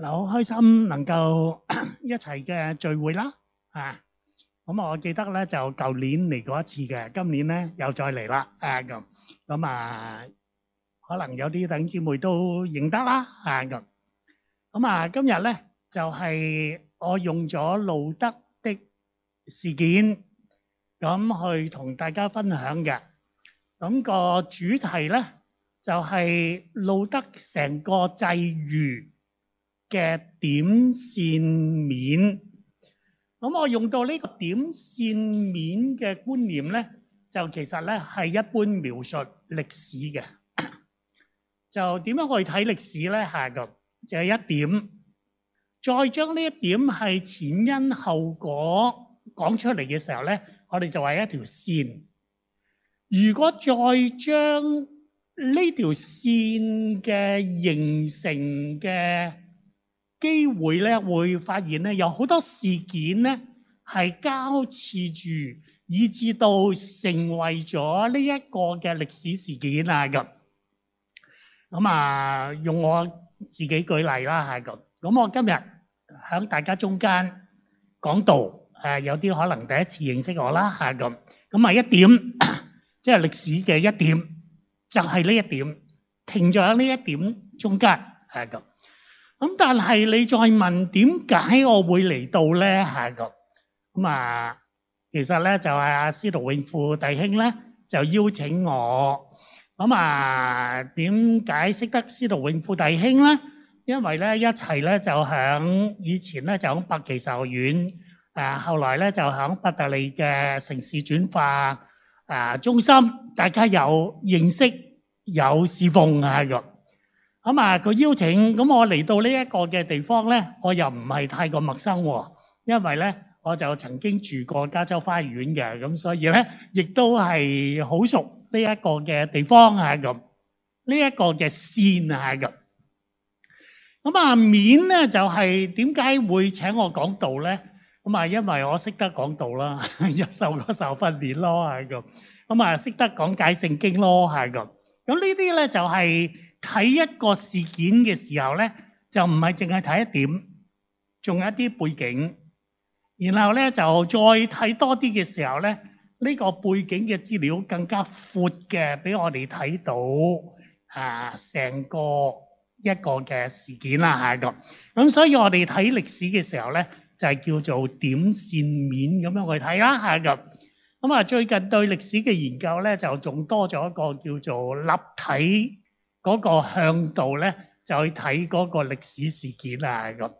嗱，好開心能夠一齊嘅聚會啦！啊，咁啊，我記得咧就舊年嚟過一次嘅，今年咧又再嚟啦。啊，咁咁啊，可能有啲等姊妹都認得啦。啊，咁咁啊，今日咧就係我用咗路得的事件咁去同大家分享嘅。咁個主題咧就係路得成個際遇嘅點線面咁，我用到呢個點線面嘅觀念呢，就其實呢係一般描述歷史嘅。 就點樣去睇歷史呢？下個就係、是、一點，再將呢一點係前因後果講出嚟嘅時候呢，我哋就係一條線。如果再將呢條線嘅形成嘅～機會咧會發現咧，有好多事件咧係交織住，以至到成為咗呢一個嘅歷史事件啊！咁咁啊，用我自己舉例啦，咁。咁我今日喺大家中間講道，誒有啲可能第一次認識我啦，咁。咁啊一點，即係歷史嘅一點，就係呢一點停咗喺呢一點中間，咁。咁但係你再問點解我會嚟到咧？下個咁啊，其實咧就係阿司徒永富弟兄咧就邀請我。咁啊，點解識得司徒永富弟兄咧？因為咧一齊咧就響以前咧就響百奇壽院，誒後來咧就響伯特利嘅城市轉化誒中心，大家有認識有侍奉啊咁。咁啊，佢邀請咁，我嚟到呢一個嘅地方咧，我又唔係太過陌生喎，因為咧我就曾經住過加州花園嘅，咁所以咧亦都係好熟呢一個嘅地方啊咁，呢一個嘅線啊咁。咁啊面咧就係點解會請我講道咧？咁啊，因為我識得講道啦，受過受訓練咯，係咁。咁啊，識得講解聖經咯，係咁。咁呢啲咧就係。睇一個事件嘅時候呢，就唔係淨係睇一點，仲有一啲背景。然後呢，就再睇多啲嘅時候呢，呢個背景嘅資料更加闊嘅，俾我哋睇到啊，成個一個嘅事件啦。下咁，所以我哋睇歷史嘅時候呢，就係叫做點線面咁樣去睇啦。下咁啊，最近對歷史嘅研究呢，就仲多咗一個叫做立體。嗰個向度咧，就去睇嗰個歷史事件啊，咁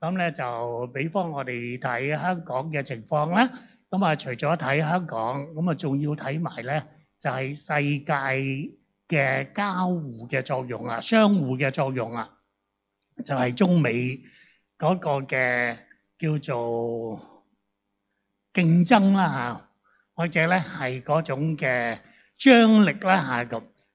咁咧就，比方我哋睇香港嘅情況啦。咁啊，除咗睇香港，咁啊，仲要睇埋咧，就係世界嘅交互嘅作用啊，相互嘅作用啊，就係中美嗰個嘅叫做競爭啦嚇，或者咧係嗰種嘅張力啦嚇咁。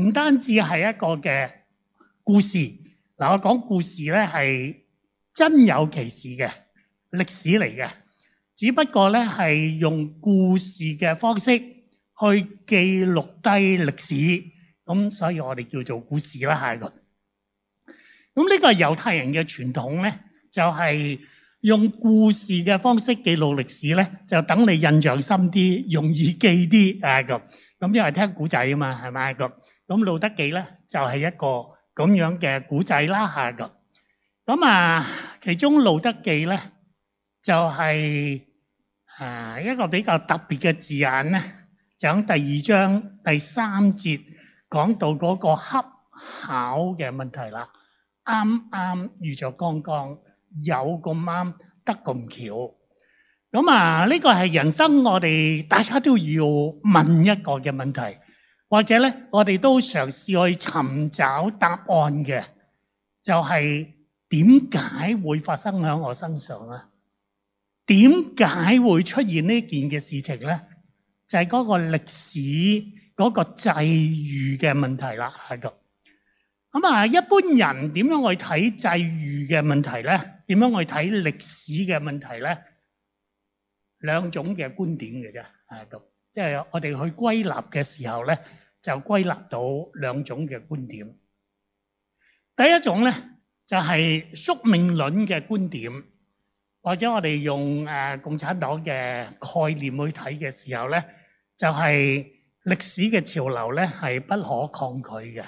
唔單止係一個嘅故事，嗱，我講故事咧係真有其事嘅歷史嚟嘅，只不過咧係用故事嘅方式去記錄低歷史，咁所以我哋叫做故事啦，係咁。咁呢個係猶太人嘅傳統咧，就係、是、用故事嘅方式記錄歷史咧，就等你印象深啲，容易記啲，係咁。咁因為聽古仔啊嘛，係咪咁？咁《路得記》咧就係一個咁樣嘅古仔啦嚇咁。咁啊，其中《路得記》咧就係啊一個比較特別嘅字眼咧，就喺第二章第三節講到嗰個恰巧嘅問題啦。啱啱遇著剛剛，有咁啱，得咁巧。咁啊，呢個係人生我哋大家都要問一個嘅問題。或者咧，我哋都嘗試去尋找答案嘅，就係點解會發生喺我身上啊？點解會出現呢件嘅事情咧？就係嗰個歷史，嗰個際遇嘅問題啦。喺度咁啊，一般人點樣去睇際遇嘅問題咧？點樣去睇歷史嘅問題咧？兩種嘅觀點嘅啫。喺度。即係我哋去歸納嘅時候咧，就歸納到兩種嘅觀點。第一種咧就係宿命論嘅觀點，或者我哋用誒共產黨嘅概念去睇嘅時候咧，就係歷史嘅潮流咧係不可抗拒嘅。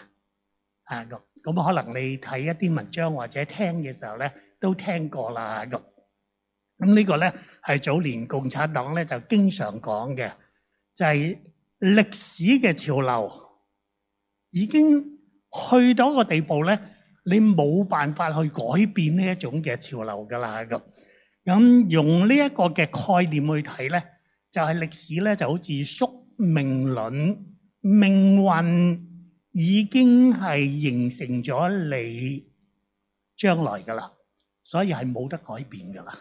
啊，咁咁可能你睇一啲文章或者聽嘅時候咧，都聽過啦。咁咁呢個咧係早年共產黨咧就經常講嘅。就係歷史嘅潮流已經去到一個地步咧，你冇辦法去改變呢一種嘅潮流噶啦咁。咁用呢一個嘅概念去睇咧，就係歷史咧就好似宿命論，命運已經係形成咗你將來噶啦，所以係冇得改變噶啦。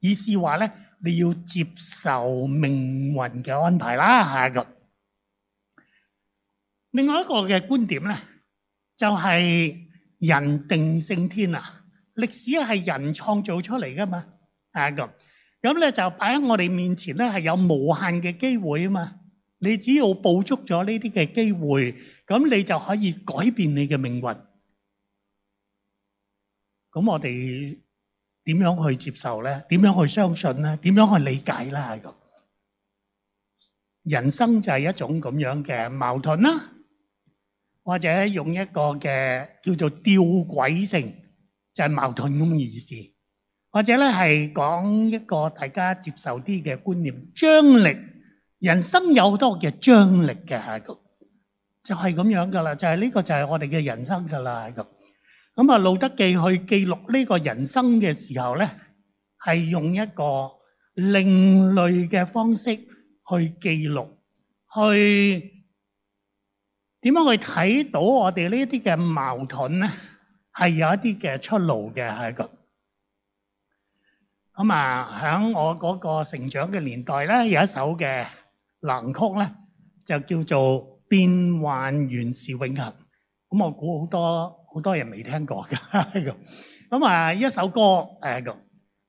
意思話咧，你要接受命運嘅安排啦，下一個。另外一個嘅觀點咧，就係人定勝天啊！歷史係人創造出嚟噶嘛，下一個。咁咧就擺喺我哋面前咧，係有無限嘅機會啊嘛。你只要捕捉咗呢啲嘅機會，咁你就可以改變你嘅命運。咁我哋。點樣去接受呢？點樣去相信呢？點樣去理解呢？係咁，人生就係一種咁樣嘅矛盾啦，或者用一個嘅叫做吊詭性，就係矛盾咁嘅意思，或者咧係講一個大家接受啲嘅觀念，張力，人生有好多嘅張力嘅係咁，就係咁樣噶啦，就係呢個就係我哋嘅人生噶啦，係咁。咁啊，《路得記》去記錄呢個人生嘅時候咧，係用一個另類嘅方式去記錄，去點樣去睇到我哋呢一啲嘅矛盾咧，係有一啲嘅出路嘅係個。咁啊，喺我嗰個成長嘅年代咧，有一首嘅冷曲咧，就叫做《變幻原是永恆》。咁我估好多好多人未聽過嘅咁啊！ 一首歌誒，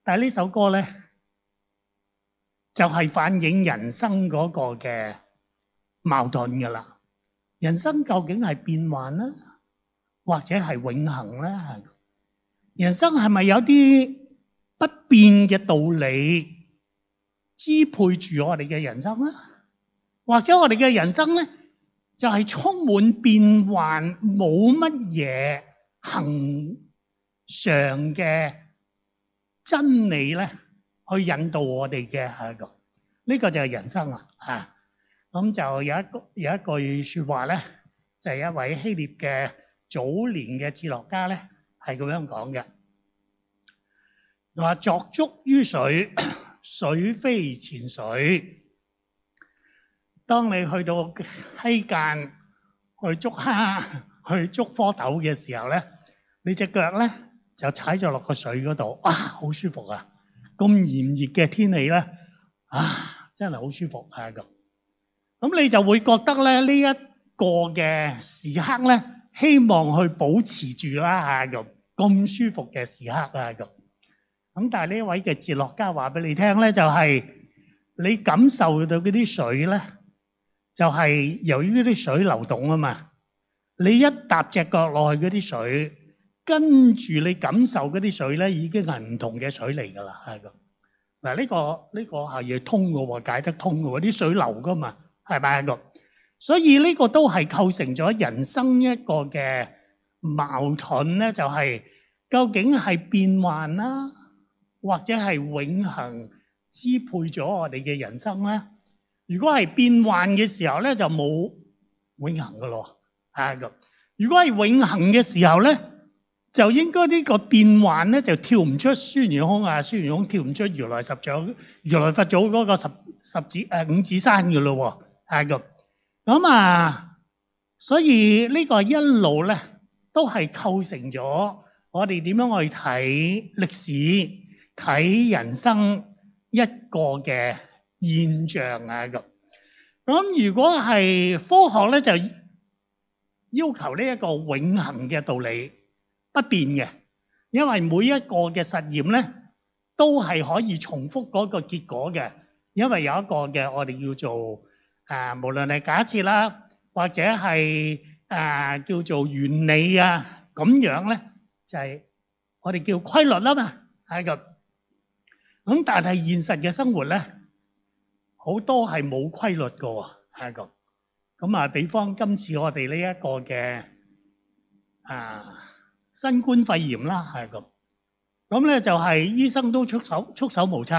但係呢首歌咧，就係反映人生嗰個嘅矛盾噶啦。人生究竟係變幻啦，或者係永恆咧？人生係咪有啲不變嘅道理支配住我哋嘅人生咧？或者我哋嘅人生咧？就係充滿變幻，冇乜嘢恆常嘅真理咧，去引導我哋嘅一個呢、呢個就係人生啦咁、啊、就有一個有一句説話咧，就係、是、一位希臘嘅早年嘅哲學家咧，係咁樣講嘅，話作足於水，水非前水。當你去到溪澗去捉蝦、去捉蝌蚪嘅時候咧，你隻腳咧就踩咗落個水嗰度，哇！好舒服啊！咁炎熱嘅天氣咧，啊，真係好舒服啊！咁，咁你就會覺得咧呢一個嘅時刻咧，希望去保持住啦嚇咁，咁舒服嘅時刻啊咁。咁但係呢一位嘅哲學家話俾你聽咧，就係你感受到嗰啲水咧。就係由於啲水流動啊嘛，你一踏隻腳落去嗰啲水，跟住你感受嗰啲水咧，已經係唔同嘅水嚟噶啦，係咁。嗱呢個呢個係要通嘅，解得通嘅，啲水流噶嘛，係咪啊？所以呢個都係構成咗人生一個嘅矛盾咧，就係究竟係變幻啦，或者係永恆支配咗我哋嘅人生咧？如果係變幻嘅時候咧，就冇永恆嘅咯。啊咁，如果係永恆嘅時候咧，就應該呢個變幻咧就跳唔出孫悟空啊，孫悟空跳唔出如來十掌，如來佛祖嗰個十十指誒五指山嘅咯。啊咁，咁啊，所以呢個一路咧都係構成咗我哋點樣去睇歷史、睇人生一個嘅現象啊咁，咁如果係科學咧，就要求呢一個永恆嘅道理不變嘅，因為每一個嘅實驗咧，都係可以重複嗰個結果嘅，因為有一個嘅我哋叫做啊，無論係假設啦，或者係啊叫做原理啊，咁樣咧就係我哋叫規律啦嘛，係咁咁，但係現實嘅生活咧。好多係冇規律嘅喎，係咁。咁啊，比方今次我哋呢一個嘅啊新冠肺炎啦，係咁。咁咧就係醫生都束手，束手無策。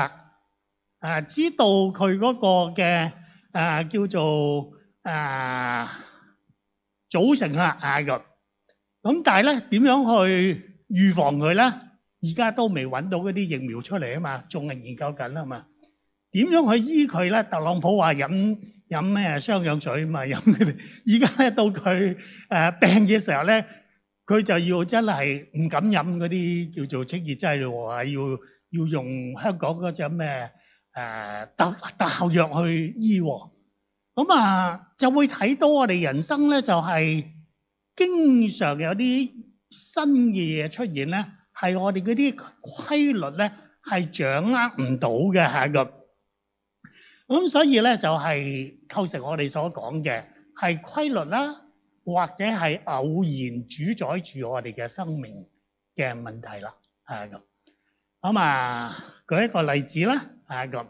啊，知道佢嗰個嘅啊叫做啊組成啦，係咁。咁但係咧點樣去預防佢咧？而家都未揾到嗰啲疫苗出嚟啊嘛，仲係研究緊啊嘛。點樣去醫佢咧？特朗普話飲飲咩雙氧水啊嘛，飲佢哋。而家咧到佢誒病嘅時候咧，佢就要真係唔敢飲嗰啲叫做清熱劑咯，話要要用香港嗰隻咩誒特特效藥去醫。咁啊就會睇到我哋人生咧，就係經常有啲新嘅嘢出現咧，係我哋嗰啲規律咧係掌握唔到嘅嚇咁。咁所以咧就係構成我哋所講嘅係規律啦，或者係偶然主宰住我哋嘅生命嘅問題啦，係咁。咁啊，舉一個例子啦，係咁。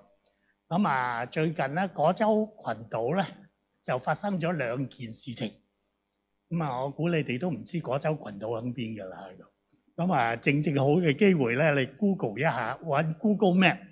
咁啊，最近咧果洲群島咧就發生咗兩件事情。咁啊，我估你哋都唔知果洲群島喺邊㗎啦，係咁。咁啊，正正好嘅機會咧，你 Google 一下，揾 Google Map。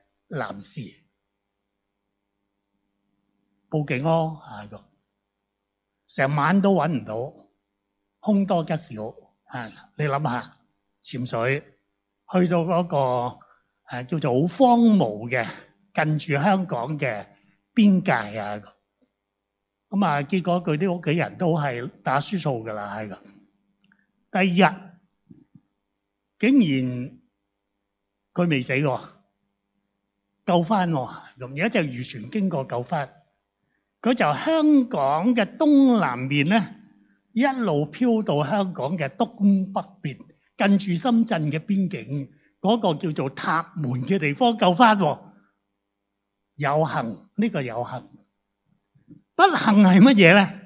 男士報警咯，係咁成晚都揾唔到，凶多吉少啊！你諗下，潛水去到嗰個誒叫做好荒蕪嘅近住香港嘅邊界啊！咁啊，結果佢啲屋企人都係打輸數噶啦，係咁第二日竟然佢未死喎。救翻喎，咁而家隻漁船經過救翻，佢就香港嘅東南面咧，一路漂到香港嘅東北邊，近住深圳嘅邊境嗰個叫做塔門嘅地方救翻喎，有幸，呢個有幸，不幸係乜嘢咧？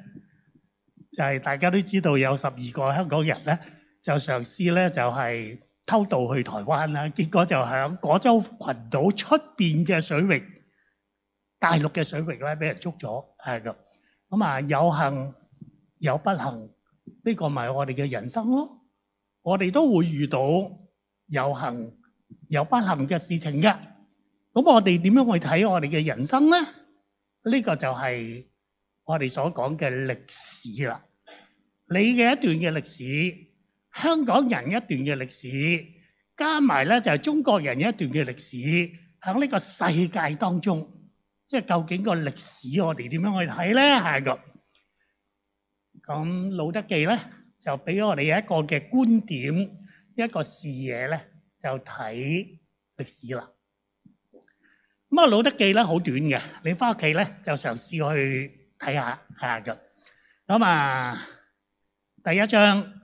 就係大家都知道有十二個香港人咧，就嘗試咧就係。偷渡去台灣啦，結果就響果洲群島出邊嘅水域，大陸嘅水域咧，俾人捉咗，係咁。咁啊，有幸有不幸，呢個咪我哋嘅人生咯。我哋都會遇到有幸有不幸嘅事情嘅。咁我哋點樣去睇我哋嘅人生咧？呢個就係我哋所講嘅歷史啦。你嘅一段嘅歷史。香港人一段嘅歷史，加埋咧就係中國人一段嘅歷史，喺呢個世界當中，即係究竟個歷史我哋點樣去睇咧？係咁。咁《路得記》咧就俾我哋一個嘅觀點，一個視野咧就睇歷史啦。咁啊，《路得記》咧好短嘅，你翻屋企咧就嘗試去睇下，睇下嘅。咁啊，第一章。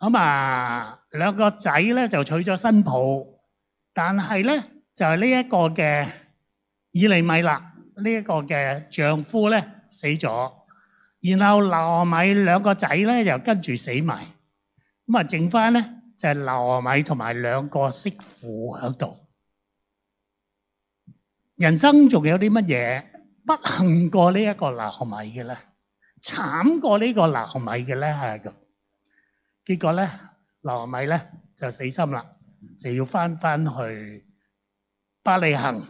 咁啊，兩個仔咧就娶咗新抱，但係咧就係呢一個嘅以利米勒呢一個嘅丈夫咧死咗，然後留米兩個仔咧又跟住死埋，咁啊剩翻咧就係留米同埋兩個媳婦喺度。人生仲有啲乜嘢不幸過呢一個留米嘅咧？慘過呢個留米嘅咧係咁。結果咧，拿俄米咧就死心啦，就要返返去伯利恆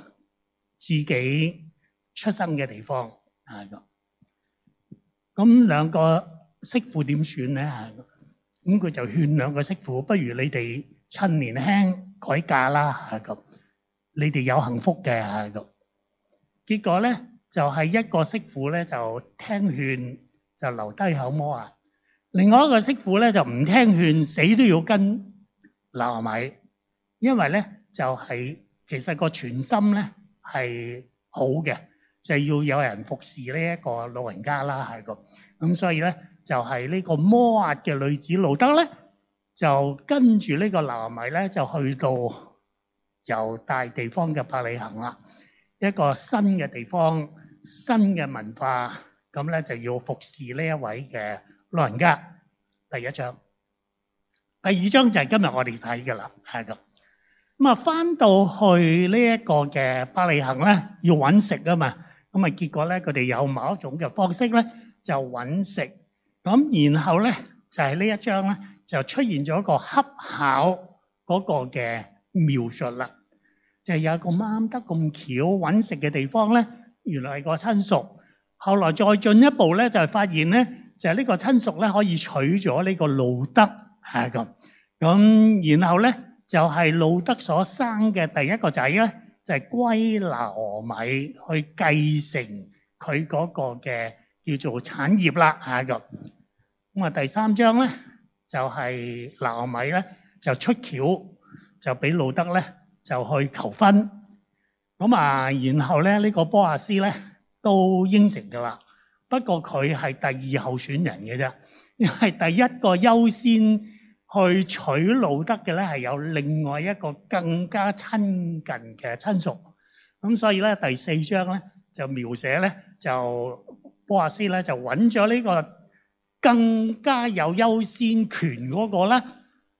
自己出生嘅地方啊咁。咁兩個媳婦點算咧啊？咁佢就勸兩個媳婦，不如你哋趁年輕改嫁啦啊咁，你哋有幸福嘅啊咁。結果咧就係一個媳婦咧就聽勸，就留低口魔啊。另外一個媳婦咧就唔聽勸，死都要跟喇米。因為咧就係其實個全心咧係好嘅，就係要有人服侍呢一個老人家啦，係個咁，所以咧就係呢個摩押嘅女子路得咧，就跟住呢個喇米咧就去到猶大地方嘅伯利恆啦，一個新嘅地方，新嘅文化，咁咧就要服侍呢一位嘅。老人家第一章，第二章就係今日我哋睇嘅啦，係咁。咁啊，翻到去呢一個嘅伯利恆咧，要揾食啊嘛。咁啊，結果咧，佢哋有某一種嘅方式咧，就揾食。咁然後咧，就係呢一章咧，就出現咗一個恰巧嗰個嘅描述啦。就係有個啱得咁巧揾食嘅地方咧，原來係個親屬。後來再進一步咧，就係發現咧。就係呢個親屬咧，可以娶咗呢個路得咁，咁然後咧，就係路得所生嘅第一個仔咧，就係歸拿俄米去繼承佢嗰個嘅叫做產業啦，咁。咁啊，第三章咧，就係拿俄米咧，就出橋就俾路得咧，就去求婚，咁啊，然後咧，呢個波阿斯咧都應承㗎啦。不過佢係第二候選人嘅啫，因為第一個優先去取路得嘅咧係有另外一個更加親近嘅親屬，咁所以咧第四章咧就描寫咧就波亞斯咧就揾咗呢個更加有優先權嗰個啦，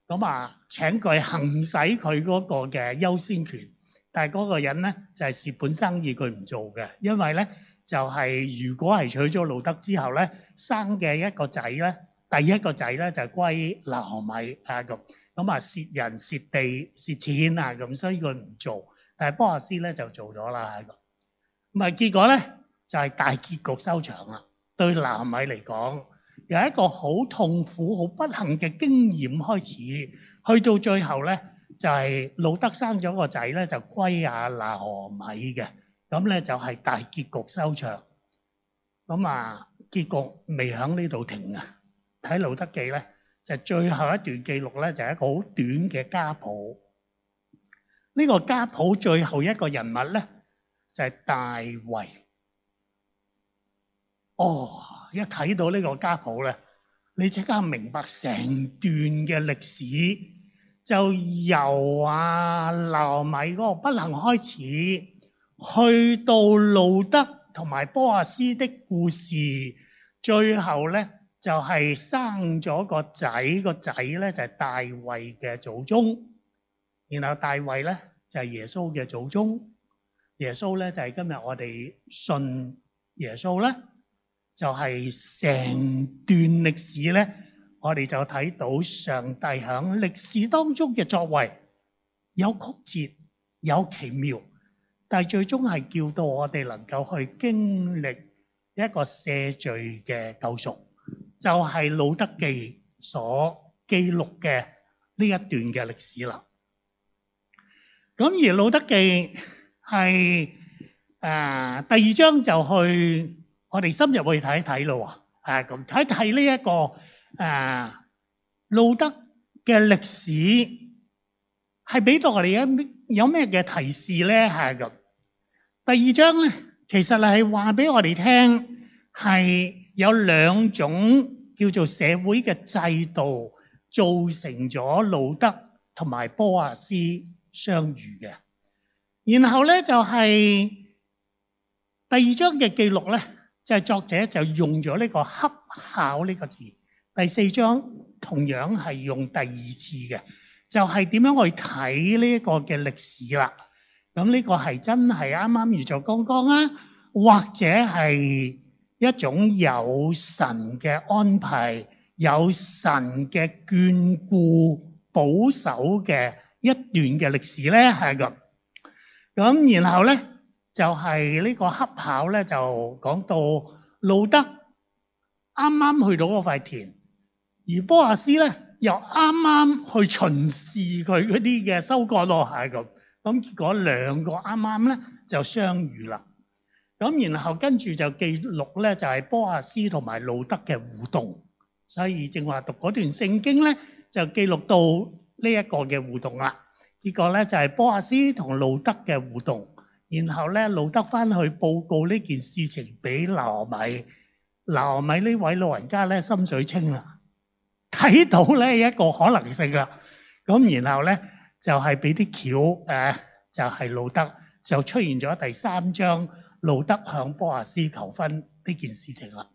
咁啊請佢行使佢嗰個嘅優先權，但係嗰個人咧就係蝕本生意，佢唔做嘅，因為咧。就係如果係娶咗路得之後咧，生嘅一個仔咧，第一個仔咧就歸拿俄米啊咁，咁啊蝕人蝕地蝕錢啊咁，所以佢唔做，但係波阿斯咧就做咗啦咁，咁啊結果咧就係大結局收場啦。對拿俄米嚟講，由一個好痛苦、好不幸嘅經驗開始，去到最後咧就係路得生咗個仔咧就歸啊拿俄米嘅。咁咧就係大結局收場。咁啊，結局未喺呢度停啊！睇《路得記》咧，就最後一段記錄咧，就係一個好短嘅家譜。呢個家譜最後一個人物咧，就係大衛。哦，一睇到呢個家譜咧，你即刻明白成段嘅歷史，就由啊流米嗰個不幸開始。去到路得同埋波阿斯的故事，最後呢，就係生咗個仔，個仔呢，就係大衛嘅祖宗。然後大衛呢，就係耶穌嘅祖宗。耶穌呢，就係今日我哋信耶穌呢，就係成段歷史呢，我哋就睇到上帝響歷史當中嘅作為，有曲折，有奇妙，但係最終係叫到我哋能夠去經歷一個赦罪嘅救贖，就係《路得記》所記錄嘅呢一段嘅歷史啦。咁而《路得記》係誒第二章就去我哋深入去睇一睇咯，啊咁睇一睇呢一個誒路得嘅歷史係俾到我哋一有咩嘅提示咧？係咁。第二章咧，其實係話俾我哋聽，係有兩種叫做社會嘅制度造成咗路得同埋波亞斯相遇嘅。然後咧就係第二章嘅記錄咧，就係作者就用咗呢個恰巧呢個字。第四章同樣係用第二次嘅，就係點樣去睇呢一個嘅歷史啦。.咁呢個係真係啱啱遇，咗剛剛啊，或者係一種有神嘅安排、有神嘅眷顧、保守嘅一段嘅歷史咧，係咁。咁然後咧，就係、是、呢個恰巧咧，就講到路德啱啱去到嗰塊田，而波亞斯咧又啱啱去巡視佢嗰啲嘅收割咯、啊，係咁。咁結果兩個啱啱咧就相遇啦。咁然後跟住就記錄咧，就係波阿斯同埋路得嘅互動。所以正話讀嗰段聖經咧，就記錄到呢一個嘅互動啦。結果咧就係波阿斯同路得嘅互動。然後咧路得翻去報告呢件事情俾拿米，拿米呢位老人家咧心水清啦，睇到呢一個可能性啦。咁然後咧。就係俾啲橋，誒就係路德就出現咗第三章，路德向波亞斯求婚呢件事情啦。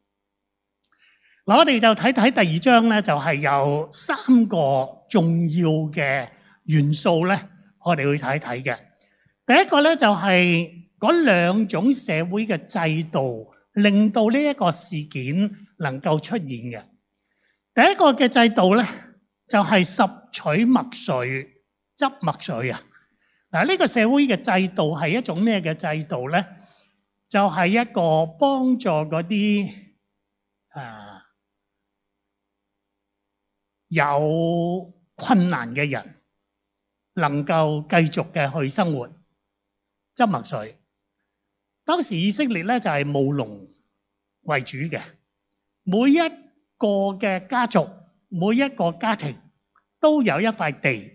嗱，我哋就睇睇第二章咧，就係有三個重要嘅元素咧，我哋去睇睇嘅。第一個咧就係嗰兩種社會嘅制度，令到呢一個事件能夠出現嘅。第一個嘅制度咧，就係拾取麥穗。執麥穗啊！嗱，呢個社會嘅制度係一種咩嘅制度咧？就係一個幫助嗰啲誒有困難嘅人能夠繼續嘅去生活。執麥穗，當時以色列咧就係務農為主嘅，每一個嘅家族每一個家庭都有一塊地。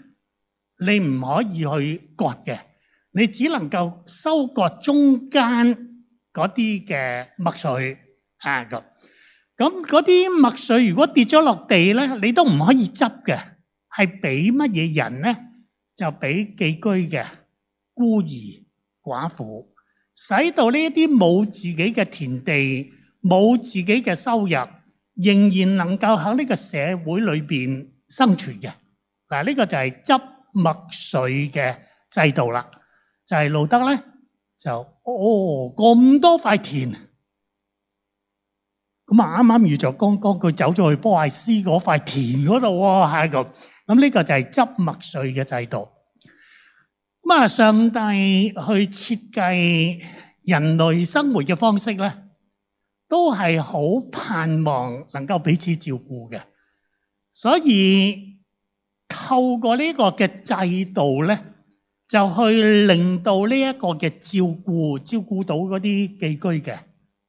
你唔可以去割嘅，你只能夠收割中間嗰啲嘅麥穗啊！咁咁嗰啲麥穗如果跌咗落地咧，你都唔可以執嘅，係俾乜嘢人咧？就俾寄居嘅孤兒寡婦，使到呢一啲冇自己嘅田地、冇自己嘅收入，仍然能夠喺呢個社會裏邊生存嘅。嗱，呢個就係執。麥穗嘅制度啦，就係、是、路得咧，就哦咁多塊田，咁啊啱啱遇着剛剛佢走咗去波艾斯嗰塊田嗰度喎，係咁，咁呢個就係執麥穗嘅制度。咁啊，上帝去設計人類生活嘅方式咧，都係好盼望能夠彼此照顧嘅，所以。透過呢個嘅制度咧，就去令到呢一個嘅照顧照顧到嗰啲寄居嘅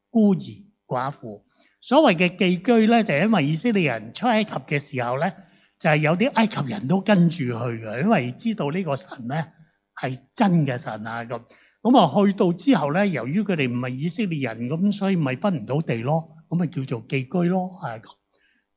孤兒寡婦。所謂嘅寄居咧，就因為以色列人出埃及嘅時候咧，就係有啲埃及人都跟住去嘅，因為知道呢個神咧係真嘅神啊咁。咁啊去到之後咧，由於佢哋唔係以色列人咁，所以咪分唔到地咯，咁咪叫做寄居咯啊。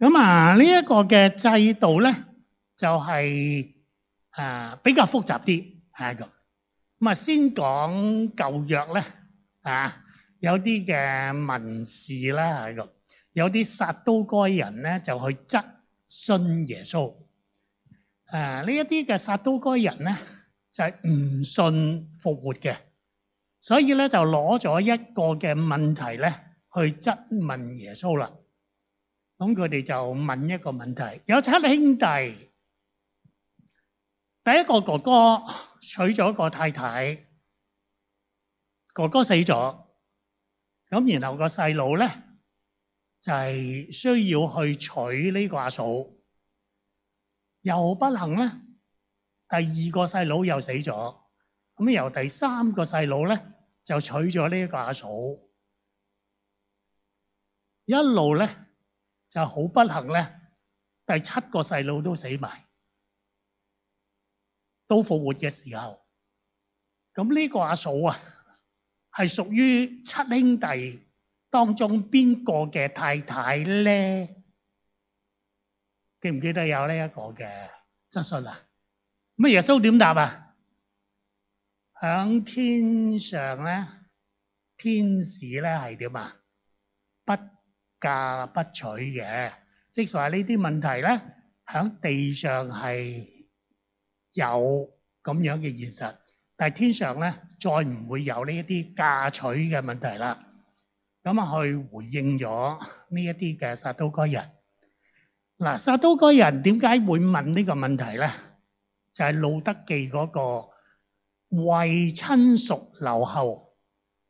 咁啊，呢一個嘅制度咧，就係啊比較複雜啲係咁。咁啊，先講舊約咧啊，有啲嘅文士啦係咁，有啲撒都該人咧就去質詢耶穌。誒，呢一啲嘅撒都該人咧就係唔信復活嘅，所以咧就攞咗一個嘅問題咧去質問耶穌啦。咁佢哋就問一個問題：有七兄弟，第一個哥哥娶咗個太太，哥哥死咗，咁然後個細佬咧就係需要去娶呢個阿嫂，又不幸咧，第二個細佬又死咗，咁由第三個細佬咧就娶咗呢個阿嫂，一路咧。就好不幸咧，第七個細路都死埋，都復活嘅時候，咁呢個阿嫂啊，係屬於七兄弟當中邊個嘅太太咧？記唔記得有呢一個嘅質詢啊？乜耶穌點答啊？響天上咧，天使咧係點啊？不嫁不娶嘅，即係話呢啲問題咧，響地上係有咁樣嘅現實，但係天上咧再唔會有呢一啲嫁娶嘅問題啦。咁啊，去回應咗呢一啲嘅撒都該人。嗱，撒都該人點解會問呢個問題咧？就係路德記嗰個為親屬留後。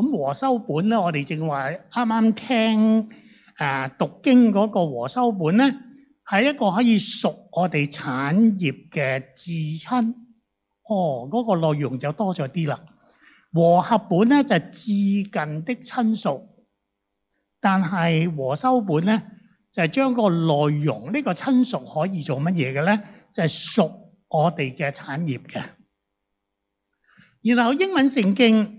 咁和修本咧，我哋正話啱啱聽誒、啊、讀經嗰個和修本咧，係一個可以贖我哋產業嘅至親。哦，嗰、那個內容就多咗啲啦。和合本咧就至、是、近的親屬，但係和修本咧就係、是、將個內容呢、這個親屬可以做乜嘢嘅咧，就係、是、贖我哋嘅產業嘅。然後英文聖經。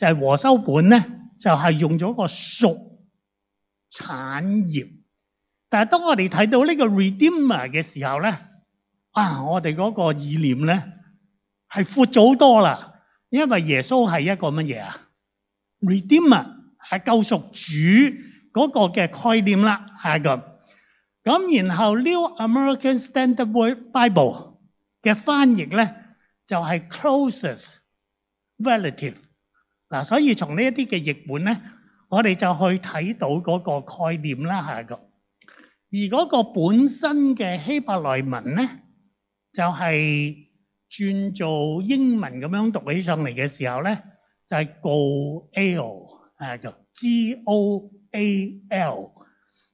就係和修本咧，就係、是、用咗個贖產業。但係當我哋睇到呢個 redeemer 嘅時候咧，啊，我哋嗰個意念咧係闊咗好多啦。因為耶穌係一個乜嘢啊？redeemer 係救贖主嗰個嘅概念啦，係咁。咁然後 New American Standard Bible 嘅翻譯咧就係、是、closest relative。嗱，所以從呢一啲嘅譯本咧，我哋就去睇到嗰個概念啦，係咁。而嗰個本身嘅希伯來文咧，就係轉做英文咁樣讀起上嚟嘅時候咧，就係 goal 係咁 G-O-A-L。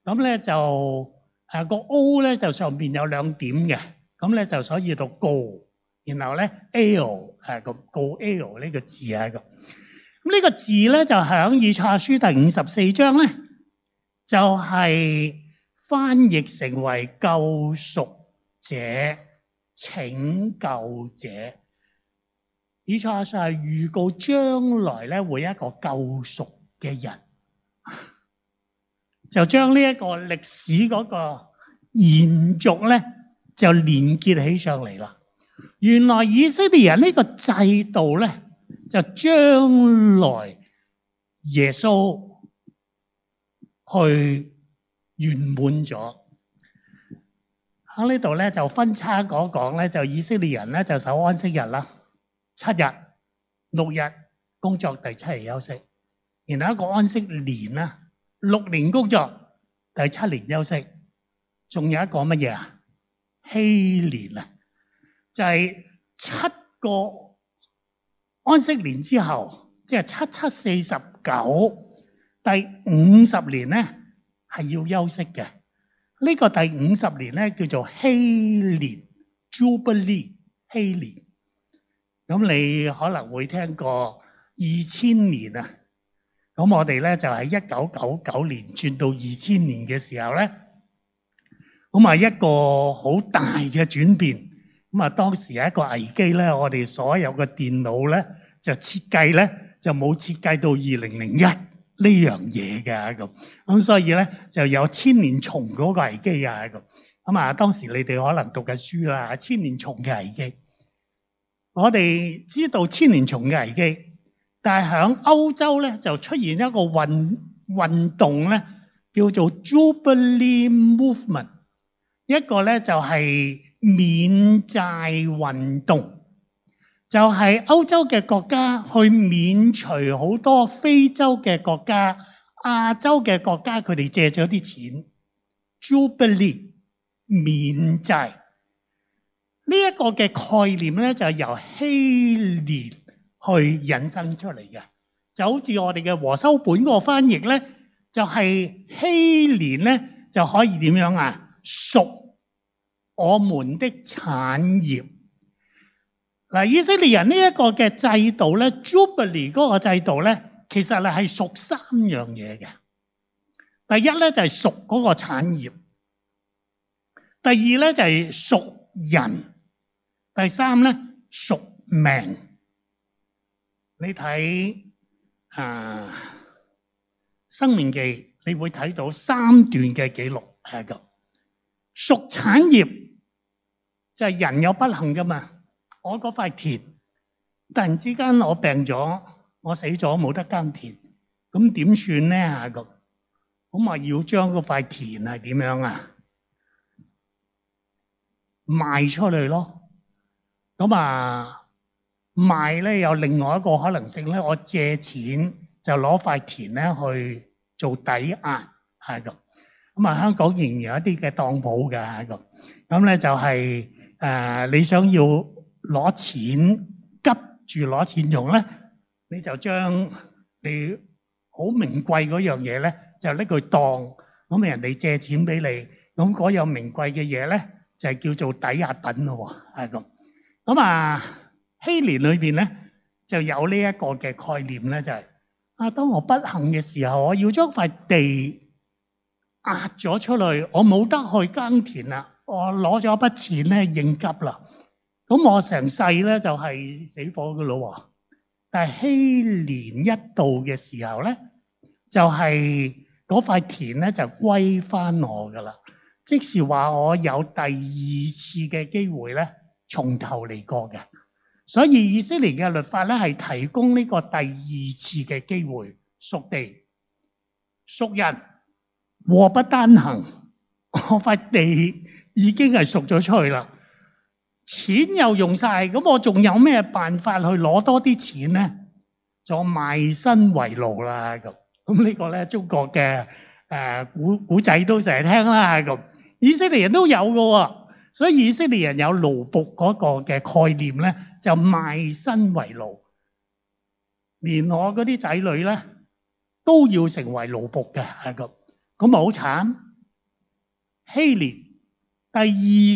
咁咧就係個 O 咧就上邊有兩點嘅，咁咧就所以讀 go，然後咧 l 係個 goal 呢個字係個。咁呢個字咧就響以賽亞書第五十四章咧，就係翻譯成為救贖者、拯救者。以賽亞書係預告將來咧會有一個救贖嘅人，就將呢一個歷史嗰個延續咧就連接起上嚟啦。原來以色列人呢個制度咧。就將來耶穌去圓滿咗喺呢度咧，就分叉講講咧，就以色列人咧就守安息日啦，七日六日工作，第七日休息。然後一個安息年啦，六年工作，第七年休息。仲有一個乜嘢啊？禧年啊，就係七個。安息年之後，即係七七四十九，第五十年呢係要休息嘅。呢、這個第五十年呢叫做禧年，Jubilee 禧年。咁你可能會聽過二千年啊。咁我哋呢就喺一九九九年轉到二千年嘅時候呢，咁係一個好大嘅轉變。咁啊，當時有一個危機咧，我哋所有嘅電腦咧就設計咧就冇設計到二零零一呢樣嘢嘅咁，咁所以咧就有千年蟲嗰個危機啊咁。咁啊，當時你哋可能讀緊書啦，千年蟲嘅危機。我哋知道千年蟲嘅危機，但係喺歐洲咧就出現一個運運動咧，叫做 Jubilee Movement。一個咧就係免債運動，就係歐洲嘅國家去免除好多非洲嘅國家、亞洲嘅國家，佢哋借咗啲錢。Jubilee 免債呢一個嘅概念咧，就係由希臘去引申出嚟嘅，就好似我哋嘅和修本嗰個翻譯咧，就係希臘咧就可以點樣啊？屬我們的產業，嗱，以色列人呢一個嘅制度咧，Jubilee 嗰個制度咧，其實咧係屬三樣嘢嘅。第一咧就係屬嗰個產業，第二咧就係屬人，第三咧屬命。你睇吓、啊《生命記》，你會睇到三段嘅記錄係咁。贖產業，就係人有不幸噶嘛，我嗰塊田突然之間我病咗，我死咗冇得耕田，咁點算咧？阿局，咁啊要將嗰塊田係點樣啊？賣出去咯，咁啊賣咧有另外一個可能性咧，我借錢就攞塊田咧去做抵押，係咁。咁啊，香港仍然有一啲嘅當鋪嘅，係咁。咁咧就係誒，你想要攞錢，急住攞錢用咧，你就將你好名貴嗰樣嘢咧，就拎去當，咁啊人哋借錢俾你，咁嗰有名貴嘅嘢咧，就係叫做抵押品咯喎，係咁。咁啊，禧年裏邊咧就有呢一個嘅概念咧，就係啊，當我不幸嘅時候，我要將塊地。壓咗出去，我冇得去耕田啦。我攞咗一筆錢咧，應急啦。咁我成世咧就係死火嘅咯。但係禧年一度嘅時候咧，就係、是、嗰塊田咧就歸翻我噶啦。即是話我有第二次嘅機會咧，從頭嚟過嘅。所以以色列嘅律法咧係提供呢個第二次嘅機會，屬地、屬人。禍不單行，我塊地已經係贖咗出去啦，錢又用晒，咁我仲有咩辦法去攞多啲錢呢？就賣身為奴啦咁，咁呢個咧中國嘅誒古古仔都成日聽啦，咁以色列人都有噶，所以以色列人有奴僕嗰個嘅概念咧，就賣身為奴，連我嗰啲仔女咧都要成為奴僕嘅係咁。咁咪好慘？禧年第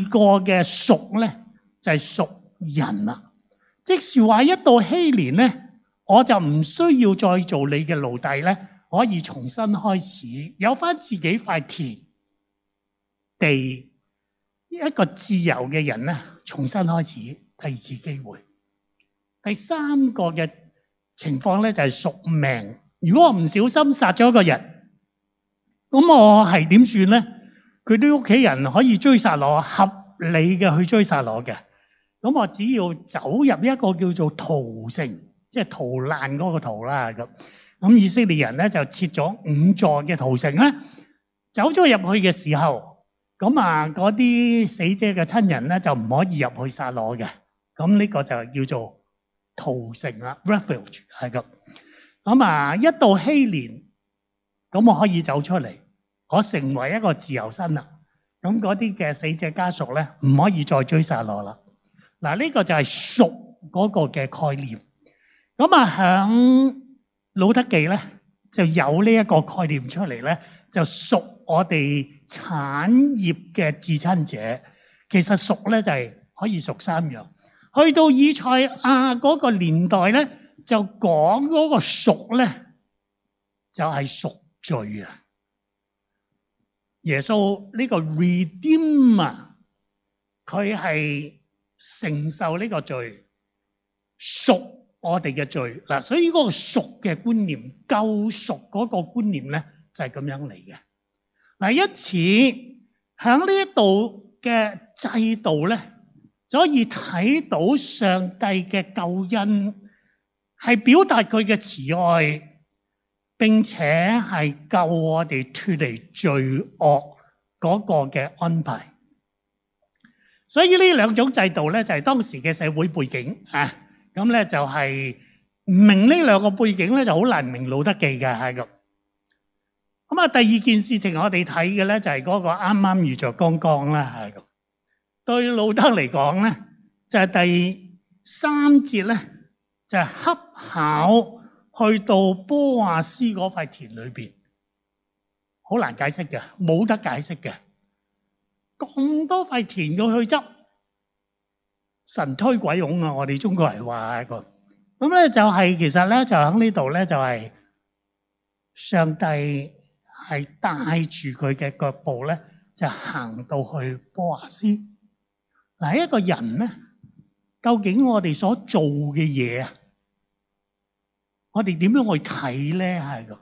二個嘅贖，咧就係、是、贖人啦，即係話一到禧年咧，我就唔需要再做你嘅奴隸咧，可以重新開始，有返自己塊田地，一個自由嘅人咧，重新開始，第二次機會。第三個嘅情況咧就係贖命，如果我唔小心殺咗一個人。咁我係點算咧？佢啲屋企人可以追殺我，合理嘅去追殺我嘅。咁我只要走入一個叫做逃城，即係逃難嗰個逃啦。咁，咁以色列人咧就設咗五座嘅逃城咧。走咗入去嘅時候，咁啊嗰啲死者嘅親人咧就唔可以入去殺我嘅。咁呢個就叫做逃城啦。Refuge 係咁。咁啊，一到禧年，咁我可以走出嚟。我成為一個自由身啦，咁嗰啲嘅死者家屬咧，唔可以再追殺我啦。嗱，呢個就係贖嗰個嘅概念。咁啊，響《路得記呢》咧就有呢一個概念出嚟咧，就贖我哋產業嘅至親者。其實贖咧就係可以贖三樣。去到以賽亞嗰個年代咧，就講嗰個贖咧就係贖罪啊。耶穌呢個 redeemer 啊，佢係承受呢個罪，贖我哋嘅罪嗱，所以嗰個贖嘅觀念，救贖嗰個觀念咧就係咁樣嚟嘅嗱，因此喺呢度嘅制度咧就可以睇到上帝嘅救恩係表達佢嘅慈愛。並且係救我哋脫離罪惡嗰個嘅安排，所以呢兩種制度咧就係當時嘅社會背景啊。咁咧就係唔明呢兩個背景咧就好難明路得記嘅係咁。咁啊，第二件事情我哋睇嘅咧就係嗰個啱啱遇着剛剛啦，係咁。對路得嚟講咧就係第三節咧就係恰巧。去到波阿斯嗰塊田裏邊，好難解釋嘅，冇得解釋嘅。咁多塊田要去執，神推鬼擁啊！我哋中國人話一個，咁呢就係其實呢就喺呢度呢就係上帝係帶住佢嘅腳步呢就行到去波阿斯。嗱，一個人呢，究竟我哋所做嘅嘢啊？我哋點樣去睇呢？係嘅，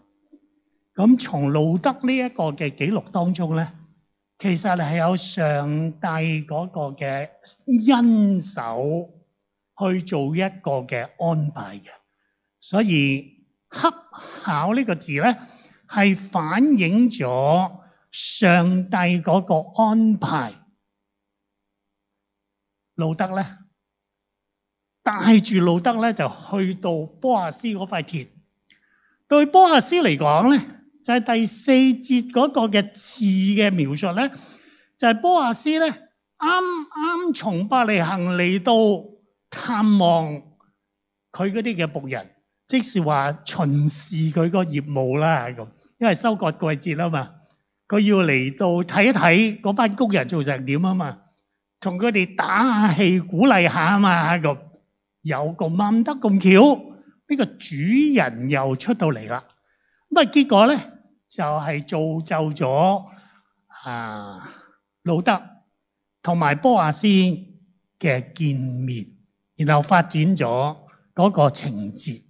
咁從路得呢一個嘅記錄當中呢，其實係有上帝嗰個嘅恩手去做一個嘅安排嘅，所以恰巧呢個字呢係反映咗上帝嗰個安排。路得呢，帶住路得咧，就去到波亞斯嗰塊田。對波亞斯嚟講咧，就係第四節嗰個嘅字嘅描述咧，就係波亞斯咧，啱啱從伯利恆嚟到探望佢嗰啲嘅僕人，即是話巡視佢個業務啦，咁，因為收割季節啊嘛，佢要嚟到睇一睇嗰班工人做成點啊嘛，同佢哋打下氣鼓勵下啊嘛咁。有咁啱得咁巧，呢個主人又出到嚟啦。咁啊，結果咧就係造就咗啊，路得同埋波亞斯嘅見面，然後發展咗嗰個情節。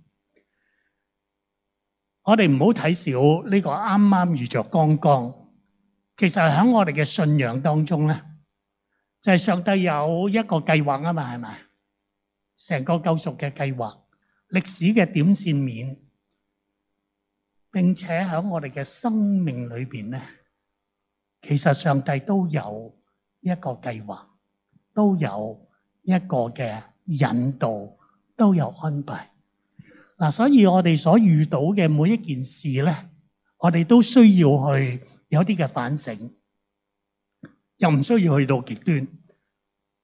我哋唔好睇小呢個啱啱遇着剛剛，其實喺我哋嘅信仰當中咧，就係上帝有一個計劃啊嘛，係咪？成個救贖嘅計劃，歷史嘅點線面，並且喺我哋嘅生命裏邊咧，其實上帝都有一個計劃，都有一個嘅引導，都有安排。嗱，所以我哋所遇到嘅每一件事咧，我哋都需要去有啲嘅反省，又唔需要去到極端。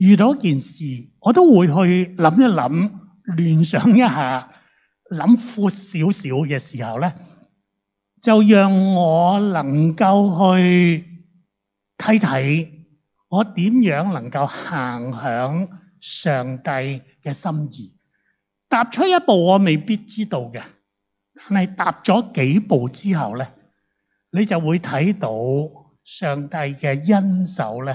遇到一件事，我都會去諗一諗，聯想一下，諗闊少少嘅時候呢，就讓我能夠去睇睇我點樣能夠行響上帝嘅心意。踏出一步，我未必知道嘅，但係踏咗幾步之後呢，你就會睇到上帝嘅恩手呢。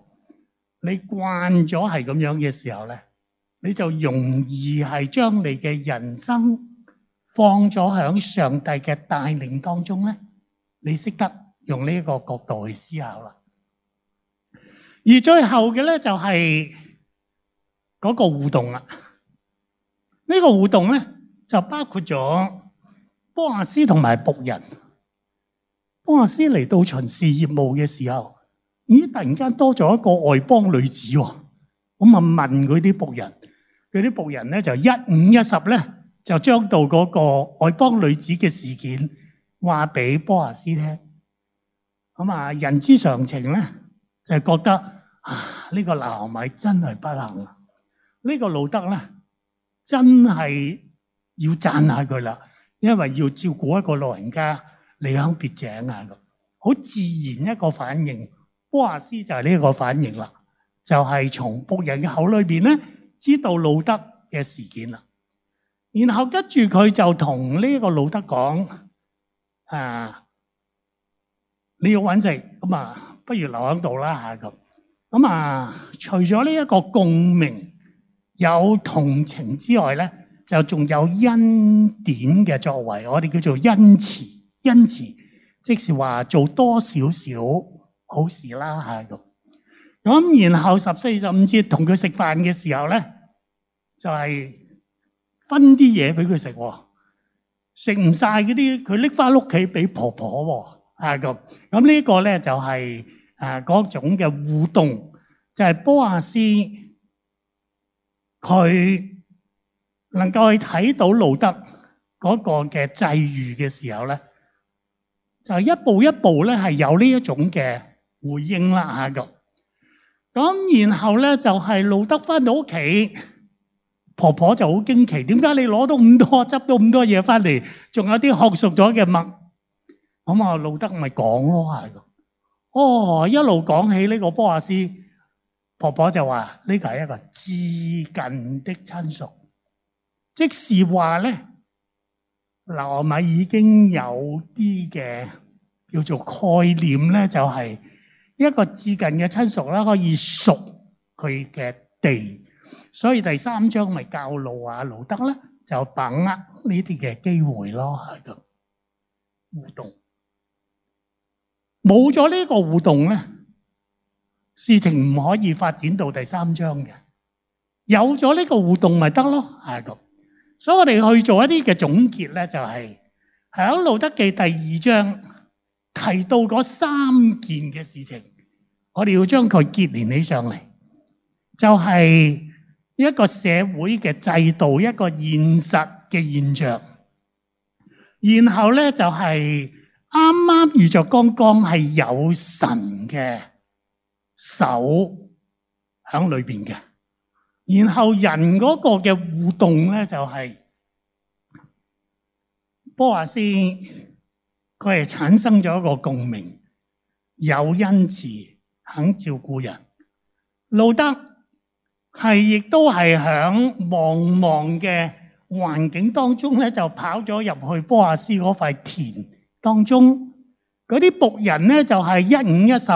你慣咗係咁樣嘅時候咧，你就容易係將你嘅人生放咗喺上帝嘅帶領當中咧，你識得用呢個角度去思考啦。而最後嘅咧就係嗰個互動啦。呢個互動咧就包括咗波亞斯同埋僕人。波亞斯嚟到巡視業務嘅時候，咦！突然間多咗一個外邦女子，咁啊問佢啲僕人，佢啲僕人咧就一五一十咧就將到嗰個外邦女子嘅事件話俾波亞斯聽。咁啊，人之常情咧，就覺得啊，呢、這個男米真係不幸，這個、路呢個路得咧真係要贊下佢啦，因為要照顧一個老人家離鄉別井啊，好自然一個反應。波亞斯就係呢個反應啦，就係從僕人嘅口裏面呢，知道路得嘅事件啦，然後接着他就跟住佢就同呢個路得講，啊、你要搵食咁啊，不如留喺度啦吓啊，除咗呢一個共鳴有同情之外呢，就仲有恩典嘅作為，我哋叫做恩慈，恩慈，即是話做多少少。好事啦，係咁。咁然後十四十五節同佢食飯嘅時候咧，就係分啲嘢俾佢食喎。食唔晒嗰啲，佢拎返屋企俾婆婆喎，係咁。咁呢一個咧就係誒嗰種嘅互動，就係波阿斯佢能夠去睇到路得嗰個嘅際遇嘅時候咧，就一步一步咧係有呢一種嘅。回應啦，下個。咁然後咧就係路得翻到屋企，婆婆就好驚奇，點解你攞到咁多，執到咁多嘢翻嚟仲有啲學熟咗嘅物，咁啊路得咪講咯，係咁，哦一路講起呢個波阿斯，婆婆就話呢個係一個至近的親屬，即是話咧，拿俄米已經有啲嘅叫做概念咧，就係。一個至近嘅親屬啦，可以贖佢嘅地，所以第三章咪教路啊路得咧，就把握呢啲嘅機會咯。係咁互動冇咗呢個互動咧，事情唔可以發展到第三章嘅。有咗呢個互動咪得咯。係咁，所以我哋去做一啲嘅總結咧，就係喺路得記第二章提到嗰三件嘅事情，我哋要將佢結連起上嚟，就係一個社會嘅制度，一個現實嘅現象，然後咧，就係啱啱遇着剛剛係有神嘅手響裏邊嘅，然後人嗰個嘅互動咧就係，波阿斯佢係產生咗一個共鳴，有恩慈。肯照顧人，路德係亦都係響茫茫嘅環境當中咧，就跑咗入去波亞斯嗰塊田當中，嗰啲僕人咧就係一五一十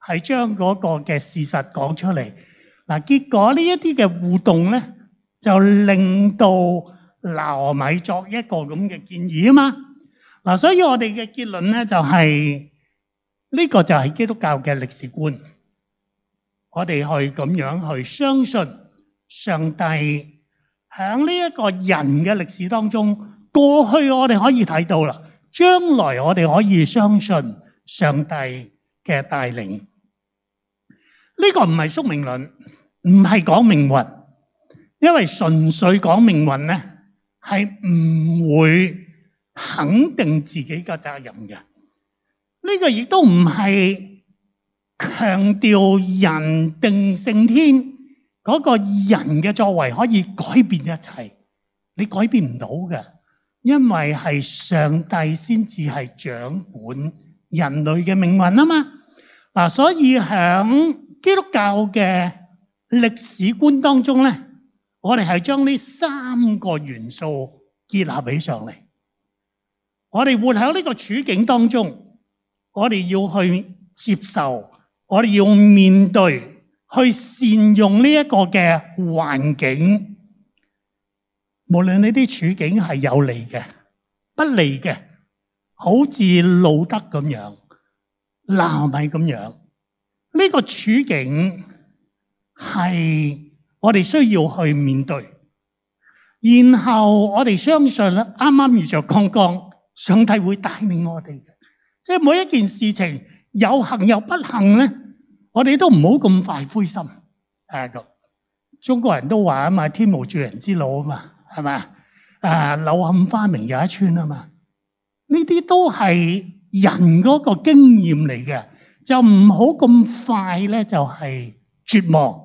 係將嗰個嘅事實講出嚟。嗱，結果呢一啲嘅互動咧，就令到拿俄米作一個咁嘅建議啊嘛。嗱，所以我哋嘅結論咧就係，是。呢個就係基督教嘅歷史觀，我哋去咁樣去相信上帝響呢一個人嘅歷史當中，過去我哋可以睇到啦，將來我哋可以相信上帝嘅帶領。呢個唔係宿命論，唔係講命運，因為純粹講命運咧，係唔會肯定自己嘅責任嘅。呢個亦都唔係強調人定勝天嗰個人嘅作為可以改變一切，你改變唔到嘅，因為係上帝先至係掌管人類嘅命運啊嘛。嗱，所以喺基督教嘅歷史觀當中呢，我哋係將呢三個元素結合起上嚟，我哋活喺呢個處境當中。我哋要去接受，我哋要面對，去善用呢一個嘅環境。無論呢啲處境係有利嘅、不利嘅，好似路得咁樣、南米咁樣，呢個處境係我哋需要去面對。然後我哋相信啦，啱啱遇着啱啱，上帝會帶領我哋嘅。即係每一件事情有幸又不幸咧，我哋都唔好咁快灰心。誒，個中國人都話啊嘛，天無絕人之路啊嘛，係咪？啊，柳暗花明又一村啊嘛。呢啲都係人嗰個經驗嚟嘅，就唔好咁快咧，就係絕望。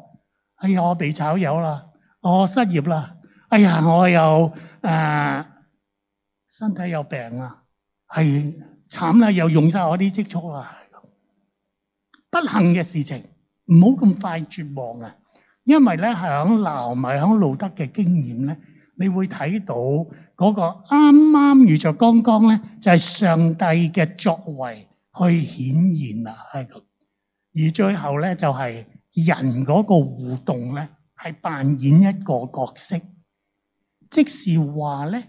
哎呀，我被炒魷啦，我失業啦。哎呀，我又誒身體有病啊，係。慘啦！又用曬我啲積蓄啦，不幸嘅事情，唔好咁快絕望啊！因為咧，喺羅密喺路得嘅經驗咧，你會睇到嗰個啱啱遇著剛剛咧，就係上帝嘅作為去顯現啊，係。而最後咧，就係人嗰個互動咧，係扮演一個角色，即是話咧。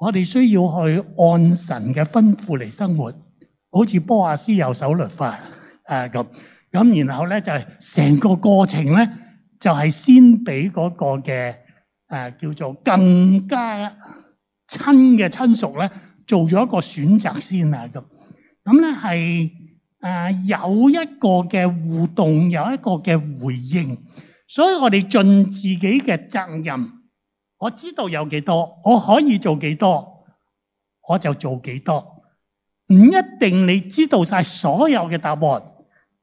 我哋需要去按神嘅吩咐嚟生活，好似波亞斯有手律法啊，咁，咁然後咧就係成個過程咧，就係先俾嗰個嘅誒叫做更加親嘅親屬咧，做咗一個選擇先啊，咁，咁咧係誒有一個嘅互動，有一個嘅回應，所以我哋盡自己嘅責任。我知道有幾多，我可以做幾多，我就做幾多。唔一定你知道晒所有嘅答案，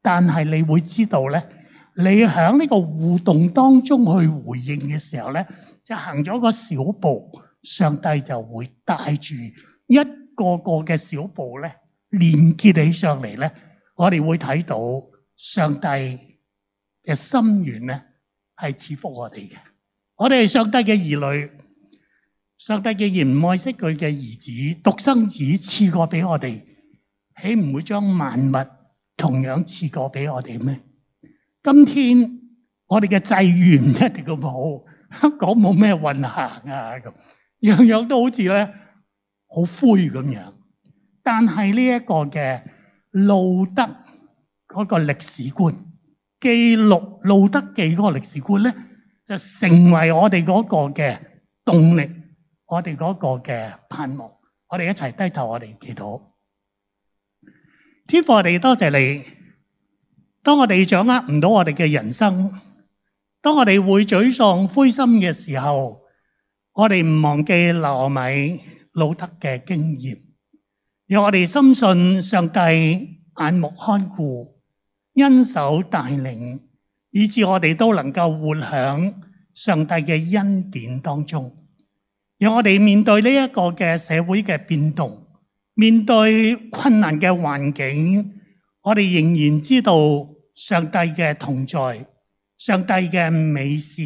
但係你會知道咧，你喺呢個互動當中去回應嘅時候咧，就行咗個小步，上帝就會帶住一個個嘅小步咧，連結起上嚟咧，我哋會睇到上帝嘅心願咧，係賜福我哋嘅。我哋係上帝嘅兒女，上帝既然唔愛惜佢嘅兒子獨生子賜過俾我哋，豈唔會將萬物同樣賜過俾我哋咩？今天我哋嘅際遇唔一定咁好，香港冇咩運行啊，咁樣樣都好似呢，好灰咁樣。但係呢一個嘅路德嗰個歷史觀，記錄路德記嗰個歷史觀呢。就成為我哋嗰個嘅動力，我哋嗰個嘅盼望。我哋一齊低頭，我哋祈禱。天父，我哋多謝你。當我哋掌握唔到我哋嘅人生，當我哋會沮喪灰心嘅時候，我哋唔忘記挪米路得嘅經驗，讓我哋深信上帝眼目看顧，恩手帶領。以至，我們都能夠活在上帝的恩典當中。讓我們面對這個社會的變動，面對困難的環境，我們仍然知道上帝的同在，上帝的美善。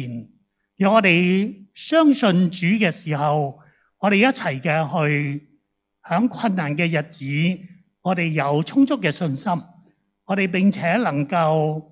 讓我們相信主的時候，我們一起去，在困難的日子，我們有充足的信心，我們並且能夠